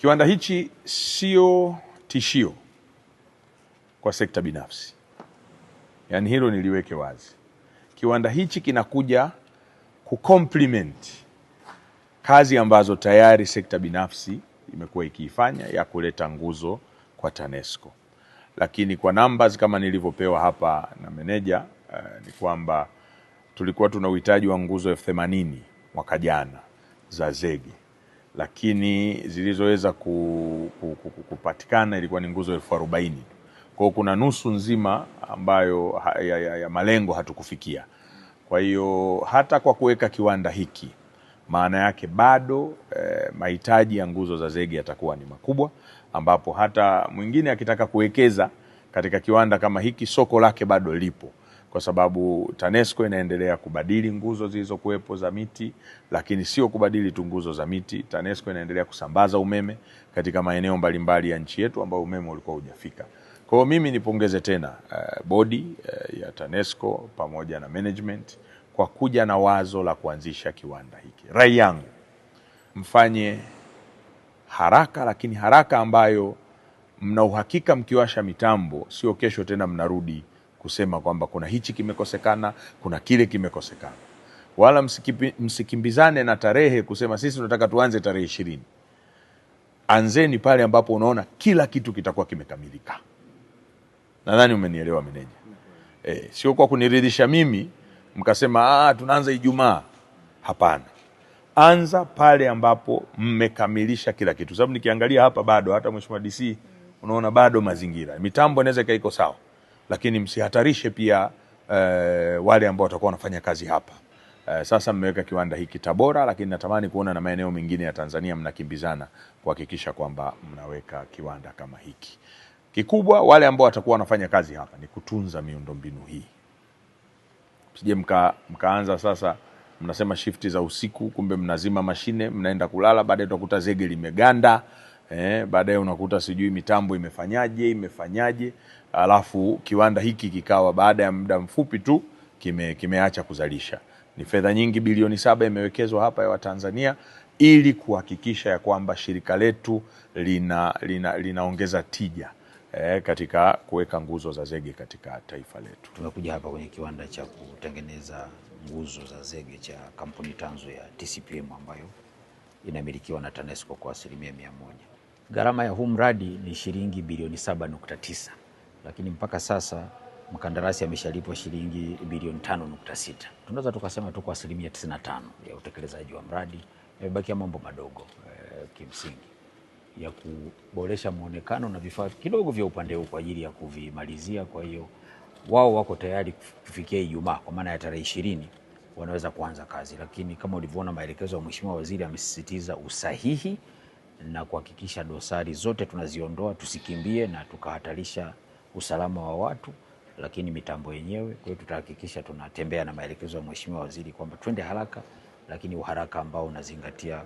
Kiwanda hichi sio tishio kwa sekta binafsi, yaani hilo niliweke wazi. Kiwanda hichi kinakuja complement kazi ambazo tayari sekta binafsi imekuwa ikiifanya ya kuleta nguzo kwa TANESCO, lakini kwa numbers kama nilivyopewa hapa na meneja uh, ni kwamba tulikuwa tuna uhitaji wa nguzo elfu themanini mwaka jana za zege lakini zilizoweza kupatikana ilikuwa ni nguzo elfu arobaini Kwa hiyo kuna nusu nzima ambayo ya, ya, ya malengo hatukufikia. Kwa hiyo hata kwa kuweka kiwanda hiki maana yake bado eh, mahitaji ya nguzo za zege yatakuwa ni makubwa, ambapo hata mwingine akitaka kuwekeza katika kiwanda kama hiki soko lake bado lipo kwa sababu TANESCO inaendelea kubadili nguzo zilizokuwepo za miti, lakini sio kubadili tu nguzo za miti. TANESCO inaendelea kusambaza umeme katika maeneo mbalimbali ya nchi yetu ambayo umeme ulikuwa hujafika. Kwa hiyo mimi nipongeze tena uh, bodi uh, ya TANESCO pamoja na management kwa kuja na wazo la kuanzisha kiwanda hiki. Rai yangu mfanye haraka, lakini haraka ambayo mna uhakika mkiwasha mitambo sio kesho tena mnarudi kusema kwamba kuna hichi kimekosekana, kuna kile kimekosekana. Wala msikimbizane na tarehe kusema sisi tunataka tuanze tarehe ishirini. Anzeni pale ambapo unaona kila kitu kitakuwa kimekamilika. Nadhani umenielewa meneja. E, sio kwa kuniridhisha mimi mkasema ah, tunaanza Ijumaa. Hapana, anza pale ambapo mmekamilisha kila kitu, sababu nikiangalia hapa bado hata mheshimiwa DC unaona bado mazingira, mitambo inaweza ikaiko sawa lakini msihatarishe pia e, wale ambao watakuwa wanafanya kazi hapa. E, sasa mmeweka kiwanda hiki Tabora, lakini natamani kuona na maeneo mengine ya Tanzania mnakimbizana kuhakikisha kwamba mnaweka kiwanda kama hiki kikubwa. Wale ambao watakuwa wanafanya kazi hapa ni kutunza miundombinu hii, msije mka, mkaanza sasa mnasema shifti za usiku, kumbe mnazima mashine, mnaenda kulala, baadaye utakuta zege limeganda eh, baadaye unakuta sijui mitambo imefanyaje imefanyaje, alafu kiwanda hiki kikawa baada ya muda mfupi tu kime, kimeacha kuzalisha. Ni fedha nyingi, bilioni saba imewekezwa hapa ya Watanzania ili kuhakikisha ya kwamba shirika letu lina, lina, linaongeza tija eh, katika kuweka nguzo za zege katika taifa letu. Tumekuja hapa kwenye kiwanda cha kutengeneza nguzo za zege cha kampuni tanzu ya TCPM ambayo inamilikiwa na TANESCO kwa asilimia mia moja. Gharama ya huu mradi ni shilingi bilioni 7.9, lakini mpaka sasa mkandarasi ameshalipwa shilingi bilioni 5.6. Tunaweza tukasema tuko asilimia 95 ya utekelezaji wa mradi. Yamebakia mambo madogo eh, kimsingi ya kuboresha mwonekano na vifaa kidogo vya upande huu kwa ajili ya kuvimalizia. Kwa hiyo wao wako tayari kufikia Ijumaa, kwa maana ya tarehe ishirini wanaweza kuanza kazi, lakini kama ulivyoona maelekezo ya Mheshimiwa Waziri amesisitiza usahihi na kuhakikisha dosari zote tunaziondoa, tusikimbie na tukahatarisha usalama wa watu, lakini mitambo yenyewe. Kwa hiyo tutahakikisha tunatembea na maelekezo ya Mheshimiwa Waziri kwamba twende haraka, lakini uharaka ambao unazingatia